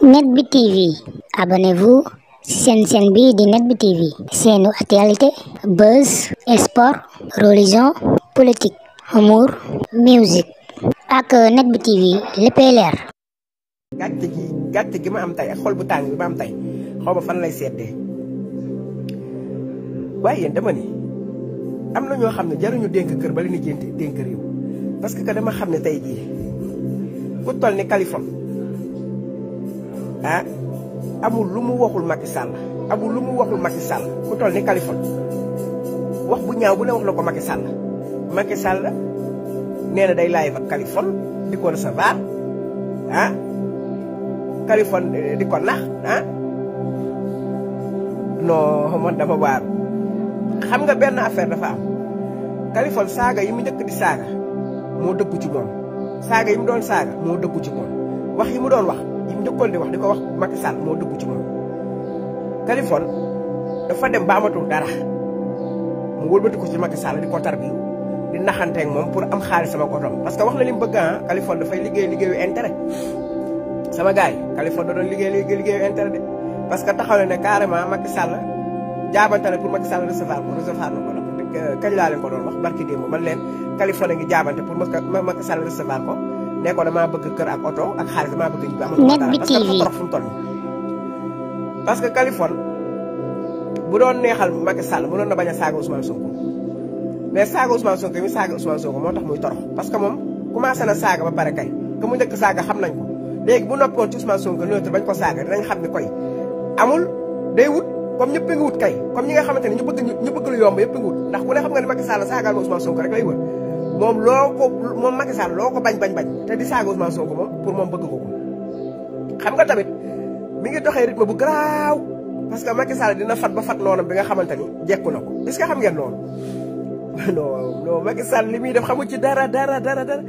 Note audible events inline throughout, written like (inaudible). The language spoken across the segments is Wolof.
net bi tv abonnez seen seen bi di net bi tv seenu actualité buzz sport religion politique humour musique ak net bi tv léppay leer gàcce gi gàcce gi ma am tey ak xol bu tàng bi ma am tey xaw ma fan lay seddee waaye yéen dama ni am na ñoo xam ne jaruñu dénk kër ba li ñu jénte dénk réew parce que que dama xam ne tey jii ku toll ni Californie ah amul lu mu waxul Macky Sall amul lu mu waxul Macky Sall ku toll ni Kaliphone wax bu ñaaw bu ne wax la ko Macky Sall Macky day live ak Kaliphone di ko recevoir ah Kaliphone eh, di ko nax ah non man dama xam nga benn affaire dafa am Kaliphone saaga yi mu njëkk di saaga moo dëggu ci moom saaga yi mu doon saaga moo dëggu wax yi mu doon wax yi mu njëkkoon di wax di ko wax Macky Sall moo dugg ci moom téléphone dafa dem ba amatul dara mu wëlbati ko ci Macky Sall di ko tarbiyu di naxanteeg moom pour am xaalis sama kotom parce que wax na li bëgg ah Kaliphone dafay liggéey liggéeyu intérêt sama gars yi Kaliphone da doon liggéey liggéeyu intérêt de parce que taxaw na ne carrément Macky Sall jaabante na pour Macky Sall recevoir ko recevoir na ko nag kañ laa leen ko doon wax barki démb a ngi jaabante pour Macky ne ko damaa bëgg kër ak oto ak xaalis damaa bëgg ñibbi amatu dara parce que dafa torox fu mu toll parce que Kaliphone bu doon neexal Macky Sall mënoon na bañ a saaga Ousmane Sonko mais saaga Ousmane Sonko yi saaga Ousmane Sonko moo tax muy torox parce que moom commencé na saaga ba pare kay que mu njëkk saaga xam nañ ko léegi bu noppoon ci Ousmane Sonko neutre bañ ko saaga dinañ xam ni koy amul day wut comme ñëpp a ngi wut kay comme ñi nga xamante ne ñu lu yomb yëpp a ngi wut ndax moom loo ko moom Macky Sall loo ko bañ bañ bañ te di saaga Ousmane Sonko moom pour moom bëgg ko ko xam nga tamit mi ngi doxee rythme bu garaaw parce que Macky Sall dina fat ba fat bi nga xamante ni jekku na ko est-ce xam ngeen loolu (laughs) non non Macky li muy def xamu ci dara dara dara dara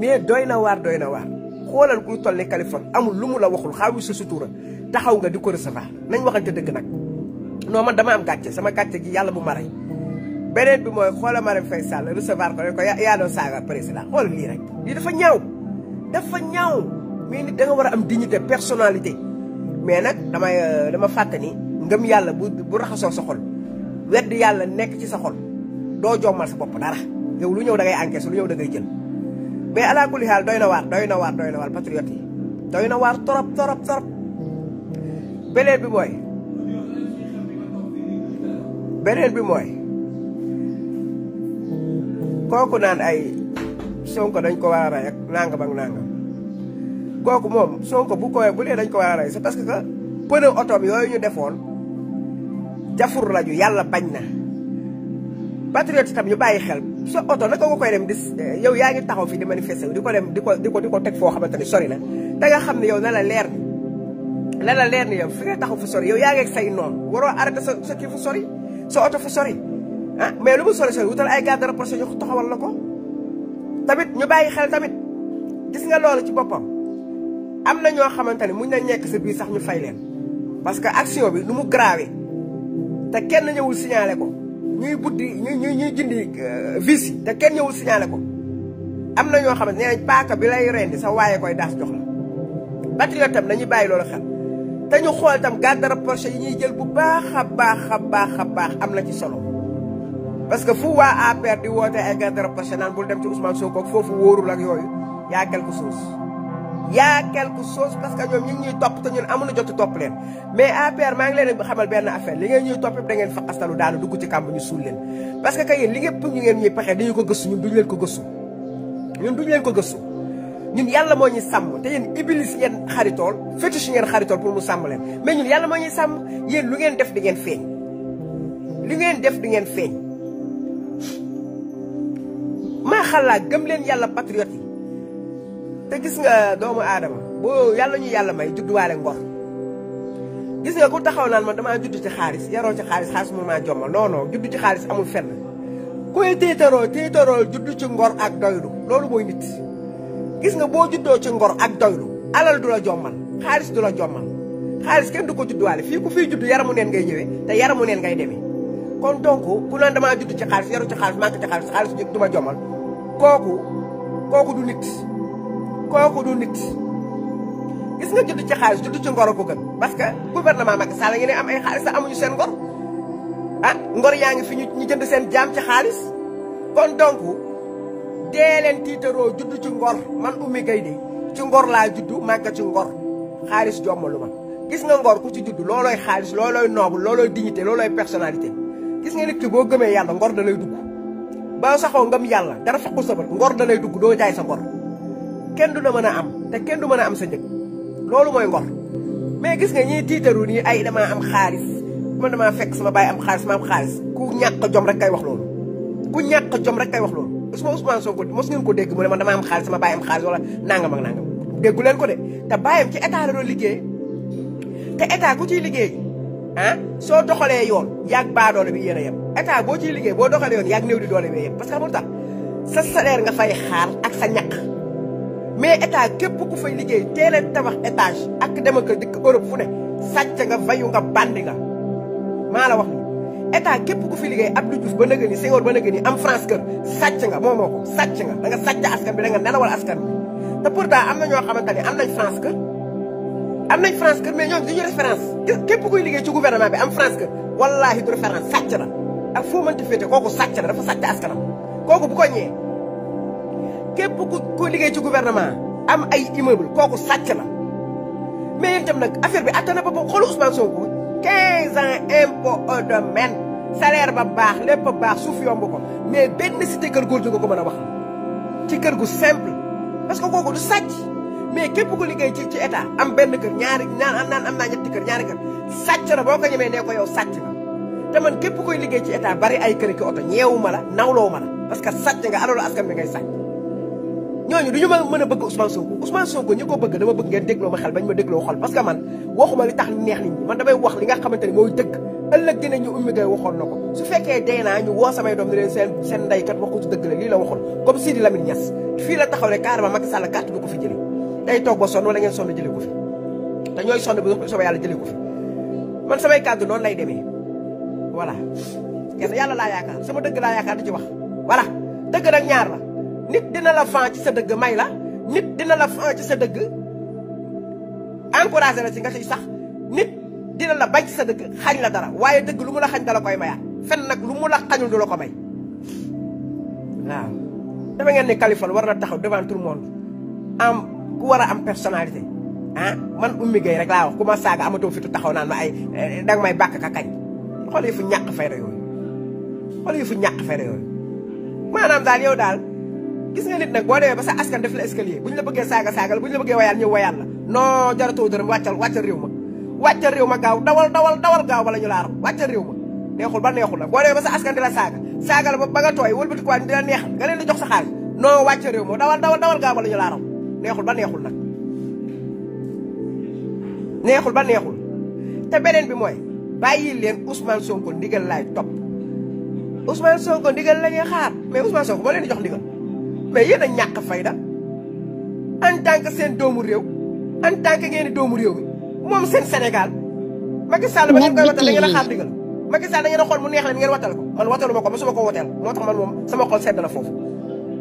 mais doy na waar doy na waar xoolal ku toll ni Californie amul lu mu la waxul xaawi si sutura taxaw nga di ko recevoir nañ waxante dëgg nag noo man dama am gàcce sama gàcce gi yàlla bu ma rey beneen bi mooy xoola ma Faye Sall recevoir ko ne ko yaa doon saaga président xoolal lii rek lii dafa ñaaw dafa ñaaw mais nit war a am dignité personnalité mais nag damay euh, dama fàtte ni ngëm yàlla bu bu raxasoo sa xol wedd yàlla nekk ci sa xol doo jommal sa bopp dara yow lu ñëw da ngay encaisse lu ñëw da ngay jël mais alaa kulli xaal doy na waar doy na waar doy na waar patriote doy na waar torop torop bi mooy beneen bi mooy kooku naan ay Sonko dañ ko war a rey ak nangam ak nangam kooku moom ko bu koy bu nee dañ ko war a parce que pneu otoom yooyu ñu defoon jafur laju yàlla bañ na patriote tam ñu bàyyi xel sa oto naka nga koy dem di eh, yow yaa ngi taxaw fi di manifester di ko dem di ko di ko di teg foo xamante ni sori na te nga xam ne yow na la leer ni na la leer ni yow fi nga taxaw fu sori yow yaa ngi ak say noonu waroo arrêté sa sa kii fu sori sa oto fu sori ah mais lu mu sori sori wutal ay garde rapproché ñu taxawal la ko tamit ñu bàyyi xel tamit gis nga loolu ci boppam am na ñoo xamante ne muñ na ñekk sa biir sax ñu fay leen parce que action bi lu mu grave te kenn ñëwul signalé ko ñuy buddi ñuy ñuy ñuy jindi euh, vis yi te kenn ñëwul signalé ko am na ñoo xamante ne paaka bi lay rendi sax waaye koy daas jox la patriote tam nañu bàyyi loolu xel te ñu xool tam garde rapproché yi ñuy jël bu baax a baax a baax a am na ci solo parce que fu waa APR di woote ay garde rapproché naan bul dem ci Ousmane Sonko foofu wóorul ak yooyu yaa quelque chose yaa quelque chose parce que ñoom ñu ngi topp te ñun amuñu jot topp leen mais APR maa ngi leen xamal benn affaire li ngeen ñuy topp da ngeen faqastalu daanu dugg ci kàmb ñu suul leen parce que kay yéen li ngeen ñu ngeen ñuy pexe dañu ko gëstu ñun ko gëstu ñun duñu leen ko gëstu ñun yàlla moo ñuy sàmm te yéen iblis ngeen xaritool fétiche ngeen xaritool pour mu sàmm leen mais ñun yàlla moo ngeen def di ngeen feeñ lu ngeen def di ngeen feeñ maa xalaat gëm leen yàlla patriote te gis nga doomu aadama boo yàlla ñu yàlla may judduwaale ngor gis nga ko taxaw naan man damaa judd ci xaalis yaroo ci xaalis xaalis mu maa jommal non non ci xaalis amul fenn kuy tiitaroo tiitaroo judd ci ngor ak doylu loolu mooy nit gis nga boo juddoo ci ngor ak doylu alal du la jommal xaalis du la jommal xaalis kenn du ko judduwaale fii ku fiy judd yaramu neen ngay ñëwee te yaramu neen ngay demee kon donc ku naan damaa judd ci xaalis yaru ci xaalis màgg ci xaalis xaalis du ma jomal kooku kooku du nit kooku du nit gis nga judd ci xaalis judd ci ngoro ko gën parce que gouvernement Macky Sall ngi ne am ay xaalis sax amuñu seen ngor ah ngor yaa ngi fi ñu jënd seen jaam ci xaalis kon donc dee leen judd ci ngor man Oumy Gueye de ci ngor laa judd màgg ci ngor xaalis jommalu ma gis nga ngor ku ci judd loolooy xaalis loolooy noobu loolooy dignité loolooy personnalité gis nga nit ki boo gëmee yàlla ngor da lay dugg ba saxoo ngam yàlla dara faqul sa bët ngor da lay dugg doo jaay sa ngor kenn du la mën a am te kenn du mën a am sa njëg loolu mooy ngor mais gis nga ñiy tiitaru nii ay damaa am xaalis man damaa fekk sama baay am xaalis ma am xaalis ku ñàkk jom rek kay wax loolu ku ñàkk jom rek kay wax loolu Ousmane Ousmane Sonko mos ngeen ko dégg mu ne man damaa am xaalis sama baay am xaalis wala nangam ak nangam leen ko de te baayam ci état la doon liggéey te état ku ciy liggéey ah soo doxalee yoon yaag baadoole bi yéen a yem boo ci liggéey boo doxalee yoon yaag néew di doole bi yem parce que amul tax sa salaire nga fay xaar ak sa ñaq mais état képp ku fay liggéey teel a tabax étage ak dem ak dëkk Europe fu ne sàcc nga fayu nga bandi nga maa la wax ni képp ku fi liggéey Abdou Diouf ba nëga ni Senghor ba nëga am France kër sàcc nga moo moo ko sàcc nga da nga sàcc askan bi da nga nelawal askan bi te pourtant am na ñoo xamante ne am nañ am nañ France kër mais ñoom duñu référence képp kuy liggéey ci gouvernement bi am France kër wallaahi du référence sàcc la ak foo mënti kooku sàcc la dafa sàcc am ay immeuble kooku sàcc la mais yéen itam nag affaire bi attana ba ba xoolu Ousmane Sonko 15 ans impôt au domaine salaire ba baax lépp ba baax suuf yomb ko mais benn cité kër góor ju nga ko mën a wax ci kër gu simple parce que kooku du sàcc mais képp ku liggéey ci ci état am benn kër ñaari naan naan am naa ñetti kër ñaari kër sàcc na boo ko ñemee nee ko yow sàcc na te man képp koy liggéey ci état bari ay kër ki oto ñeewu ma la nawloo ma la parce que sàcc nga alalu askan bi ngay sàcc ñooñu du ñu ma mën a bëgg Ousmane Sonko Ousmane Sonko ñi ko bëgg dama bëgg ngeen dégloo ma xel bañ ma dégloo xol parce que man waxuma li tax neex nit ñi man damay wax li nga xamante ne mooy dëgg ëllëg dinañu ummi gay waxoon na ko su fekkee dee naa ñu woo samay doom ni leen seen seen ndeykat waxu ci dëgg la lii la waxoon comme Sidi Lamine Niass fii la taxaw ne carrément Macky Sall carte du ko fi jëlee tey toog ba sonn wala ngeen sonn jëlee ko fi te ñooy sonn bi soobee yàlla jëlee fi man samay kàddu noonu lay demee voilà. kenn yàlla laa yaakaar sama dëgg laa yaakaar di ci wax voilà dëgg nag ñaar la nit dina la fan ci sa dëgg may la nit dina la fan ci sa dëgg encouragé la si nga si sax nit dina la bañ ci sa dëgg xañ la dara waaye dëgg lu mu la xañ dala koy mayaat fen nag lu mu la xañul du la ko may waaw. dafa ngeen ni Kaliphone war na taxaw devant tout ku war a am personnalité ah man ummi gay rek laa wax ku ma saaga amatoo fitu taxaw naan ma ay eh, danga may bàkk ka kañ xool yi fu ñàkk fayda yooyu xool yi fu ñàkk fayda yooyu maanaam daal yow daal gis nga nit nag boo demee ba sa askan def la escalier bu ñu la bëggee saaga saaga la bu ñu la bëggee ma wàccal réew ma gaaw dawal dawal dawal gaaw bala ñu ba neexul la boo demee ba sa askan di la saaga saaga la ba ba nga tooy wëlbatikuwaat di la neexal jox sa xaalis non wàccal réew ma dawal dawal dawal gaaw bala ñu laaram neexul ba neexul nag neexul ba neexul te beneen bi mooy bàyyi leen Ousmane Sonko ndigal laay topp Ousmane Sonko ndigal la ñuy xaar mais Ousmane Sonko moo leen di jox ndigal mais yéen a ñàkk fayda en tant que seen doomu réew en tant que ngeen doomu réew bi moom seen Sénégal Macky Sall ba ngeen koy watal da ngeen a xaar ndigal Macky Sall da ngeen a xool mu neex leen ngeen watal ko man wataluma ko ma suma ko wateel moo tax man moom sama xol sedd na foofu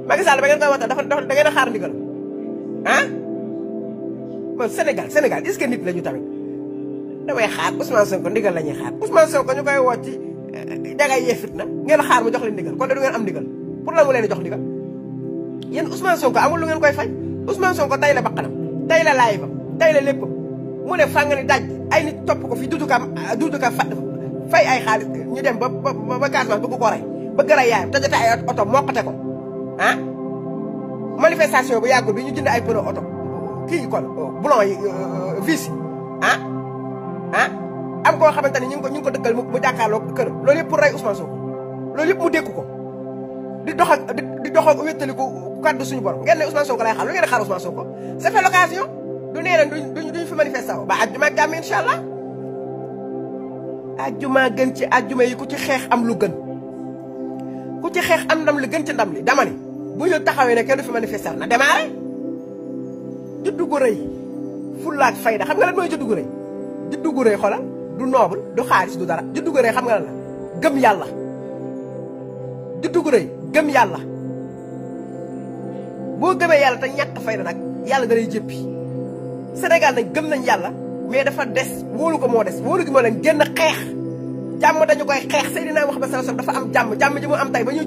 Macky Sall ba ngeen koy watal dafa da ngeen a ah man Sénégal Sénégal est-ce que nit la ñu tamit damay xaar Ousmane Sonko ndigal la ñuy xaar Ousmane Sonko ñu koy woo ci eh, dangay yee fitna ngeen xaar mu jox leen ndigal kon de du ngeen am ndigal pour la mu leen jox ndigal yéen Ousmane Sonko amul lu ngeen koy fay Ousmane Sonko tay la bakkanam tay la laay ba tay la lépp mu ne fàng ni ay nit topp ko fi duutuka ah, duutuka fa fay ay xaalis ñu dem ba ba ba Casamance bëgg ko rey bëgg rey yaayam tajate ay oto mokkate ko manifestation bu yàggul bi ñu jënd ay pneu oto kii yi kon boulon yi vis yi ah ah am koo xamante ni ñu ko ñu ngi ko dëkkal mu jàkkaarloo kër loolu yëpp pour rey Ousmane Sonko loolu yëpp mu dégg ko di dox ak di dox ak wéttaliku kàddu suñu borom ngeen ne Ousmane Sonko lay xaar lu ngeen di xaar Ousmane Sonko c'est fait l'occasion du nee leen duñ fi manifesté ba àjjuma jàmm incha allah àjjuma gën ci àjjuma yi ku ci xeex am lu gën ku ci xeex am ndam li gën ci ndam li dama bu ñu taxawee ne kenn du fi manifester na démarré juddu gu rëy fullaak fayda xam nga lan mooy juddu gu rëy juddu gu rëy xoolal du noble du xaalis du dara juddu gu rëy xam nga lan gëm yàlla juddu gu rëy gëm yàlla boo gëmee yàlla te ñàkk fayda nag yàlla da lay jëppi Sénégal nag gëm nañ yàlla mais dafa des wóolu ko moo des wóolu gi moo leen génn xeex jàmm dañu koy xeex Seydina Muhammad jàmm jàmm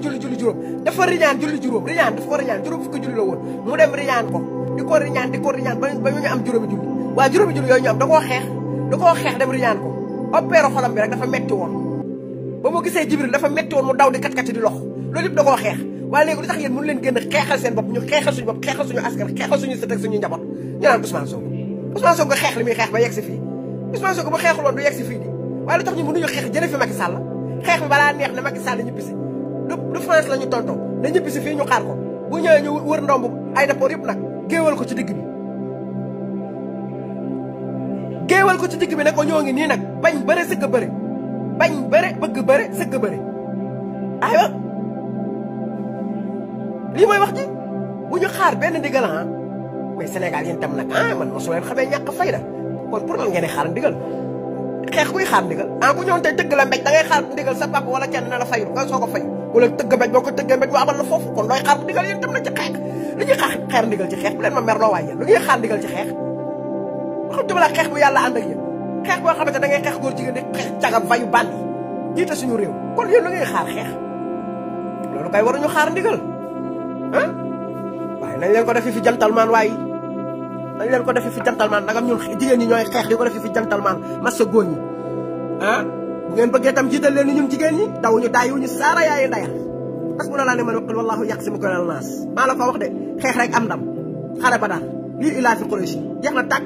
julli julli juróom dafa riñaan julli juróom riñaan dafa ko riñaan juróom fukki julli la ko di ko riñaan di ko riñaan ba ba ñu am juróomi julli waa juróomi julli yooyu ñu am da xeex da xeex dem riñaan ko opéro xolam bi rek dafa metti woon ba mu gisee Jibril dafa metti woon mu daw di kat di lox loolu yëpp da koo xeex waaye léegi lu tax yéen mënu leen gën a xeexal seen bopp ñu xeexal suñu bopp xeexal suñu askan suñu sët ñu naan Ousmane Sonko Ousmane ba yegg si fii Ousmane waaye lu tax ñu mënuñu xeex jëlee fi Macky Sall xeex bi balaa neex ne Macky Sall ñibbisi du du France la ñu tontoo na ñibbisi fii ñu xaar ko bu ñëwee ñu wër ndomb aéroport yëpp nag géewal ko ci digg bi ko ci digg bi ne ko ñoo ngi nii nag bañ bëre sëgg bëre bañ bëre bëgg bëre sëgg bëre aywa lii mooy wax ji bu ñu xaar benn ndigal ah mais Sénégal yéen tam nag ah man mosoo leen xamee ñàkk fayda kon pour lan ngeen di xaar ndigal xeex kuy xaar ndigal ah ku ñëwoon tey tëgg la mbéj da ngay xaar ndigal sa papa wala kenn ne la fayul nga soo ko fay wala tëgg mbéj boo ko tëggee mbéj waa abal la foofu kon looy xaar ndigal yéen xeex bu leen ma mer loo waay yàlla ànd ak yéen xeex boo xamante di xeex cagam fayu bànn yi jiite suñu réew kon yéen lu ngay xaar xeex loolu kay waruñu xaar ndigal ah waaye nañ leen ko def fi jantal maan waaye dañ leen ko defee fi gentleman nagam ñun jigéen ñi ñooy xeex di ko defee fi gentleman massa góor ñi ah bu ngeen bëggee tam jiital leen ni ñun jigéen ñi daw ñu daayu ñu saara yaayu ndaya parce que mu na laa ne man waqul wallahu yaqsimuka minal naas maa la ko wax de xeex rek am ndam xare ba daal lii ilaa fi Quraysh jeex na tàkk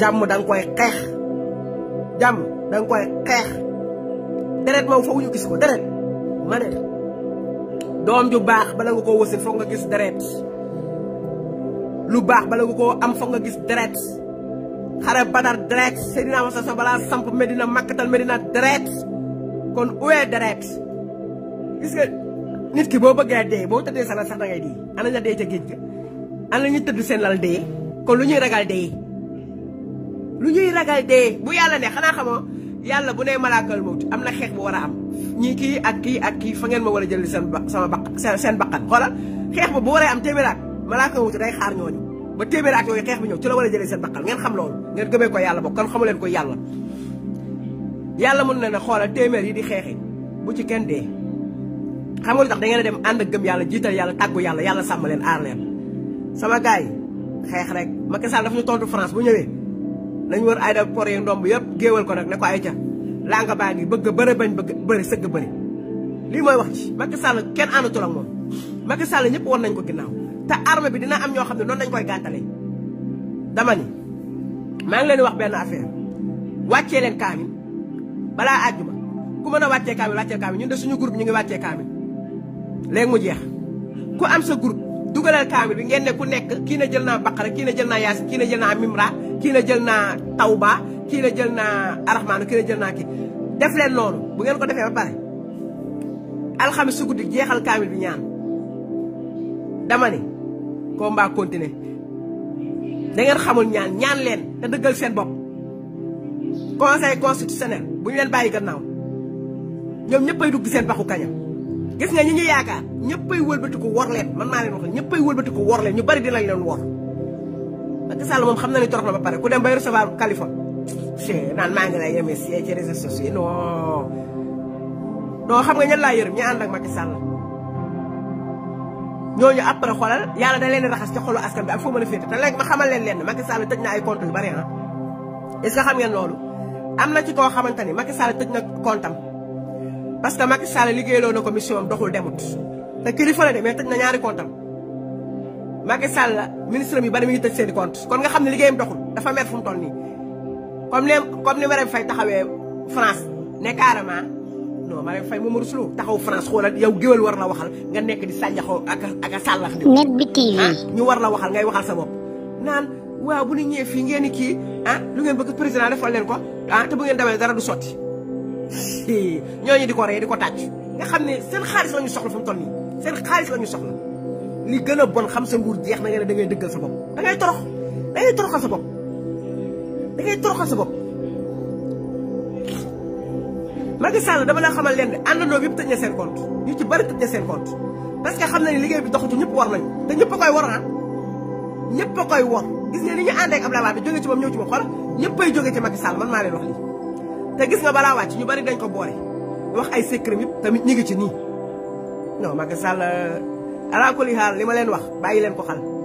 jàmm da koy xeex jàmm da nga koy xeex deret moom foofu ñu gis ko deret ma ne doom ju baax bala nga koo wasin foog nga gis deret lu baax bala nga ko am foog nga gis deret xare badar deret Seydina Moussa sa balaa samp Medina makkatal Medina deret kon uwee deret gis nga nit ki boo bëggee dee boo tëddee sa lal sax da ngay dee ana ña dee ca géej ga ana ñu tëdd seen lal dee kon lu ñuy ragal dee lu ñuy ragal dee bu yàlla ne xanaa xamoo yàlla bu nee malaakal mawt am na xeex bu war a am ñii kii ak kii ak kii fa ngeen ma war a jël seen ba sama baq seen baqan xoolal xeex ba bu am téeméer malaaka wuute rek xaar ñooñu ba téeméeri ak yooyu xeex bi ñëw ci la war a jëlee seen baqal ngeen xam loolu ngeen gëmee ko yàlla bokk kon xamu leen ko yàlla yàlla mun na ne xoolal téeméer yi di xeexi bu ci kenn dee xam tax da ngeen a dem ànd ak gëm yàlla jiital yàlla tàggu yàlla yàlla sàmm leen aar leen sama gars yi xeex rek Macky Sall dafa ñu tontu France bu ñëwee nañ wër aéroport yi ndomb yëpp géewal ko nag ne ko ay ca laa nga baa ngi bëgg bëri bañ bëgg bëri sëgg bëri lii mooy wax ci Macky Sall kenn àndatul ak moom Sall ñëpp war nañ ko ginnaaw te arme bi dina am ñoo xam ne noonu lañ koy gàntale dama ni maa ngi leen wax benn affaire wàccee leen kaamil balaa àjjuma ku mën a wàccee kaamil wàccee kaamil ñun de suñu groupe ñu ngi wàccee kaamil léegi mu jeex ku am sa groupe dugalal kaamil bi ngeen ne ku nekk kii na jël naa baqara kii na jël naa yaasin kii na jël naa mimra kii na jël naa tawba kii na jël naa arahmaanu kii na jël naa kii def leen loolu bu ngeen ko defee ba pare alxamis su guddi jeexal kaamil bi ñaan combat continué da ngeen xamul ñaan ñaan leen te dëggal seen bopp conseil constitutionnel bu ñu leen bàyyi gannaaw ñoom ñëppay dugg seen baxu kaña gis nga ñi ñu yaakaar ñëppay wëlbatiku wor leen man maa leen wax ñëppay wëlbatiku wor leen ñu bari dinañ leen wor Macky Sall moom xam na ni torox na ba pare ku dem bay recevoir Californie c' naan maa ngi lay yemee ci réseaux sociaux non non xam nga ñan laa yërëm ñu ànd ak Macky Sall. ñooñu après xoolal yàlla da leen di raxas ci xolu askan bi ak foo mën a féete te léegi ma xamal leen leen Macky Sall tëj na ay compte yu bari ah. est-ce que xam ngeen loolu am na ci koo xamante ni Macky Sall tëj na compte am parce que Macky Sall liggéeyloo na ko mission am doxul demut te kilifa la de mais tëj na ñaari compte am Macky Sall ministre yu bari mi ngi tëj seen i compte kon nga xam ne liggéeyam doxul dafa mer fu mu toll nii comme ni comme ni Marème fay taxawee France ne carrément. non maa fay moom rusloo taxaw France xoolal yow géwél war la waxal nga nekk di sànjaxoo ak ak a sàllax di net bi TV ah, ñu war la waxal ngay waxal sa bopp naan waaw bu ñu ñëwee fii ngeen ni kii ah lu ngeen bëgg président defal leen ko ah te bu ngeen demee dara du sotti (laughs) ñooñu di ko rey di ko tàcc nga xam ne seen xaalis la ñu soxla fu mu toll nii seen xaalis li gën a bon xam sa nguur jeex na nga ne da ngay dëggal sa bopp da ngay torox da ngay toroxal sa bopp da ngay sa bopp Macky Sall dama la xamal leen ne àndandoo yëpp tëj na seen compte ñu ci bëri tëj na seen compte parce que xam na ne liggéey bi doxatu ñëpp war nañu te ñëpp a koy war ah a koy war gis nga ni ñu ànd ak Abdoulaye Wade jóge ci moom ñëw ci moom xool ñëpp ay jóge ci Macky Sall man maa leen wax lii te gis nga balaa wàcc ñu bëri dañ ko boole wax ay secret yëpp tamit ñu ngi ci nii non Macky Sall euh, alaa kulli xaal li ma leen wax bàyyi leen ko xal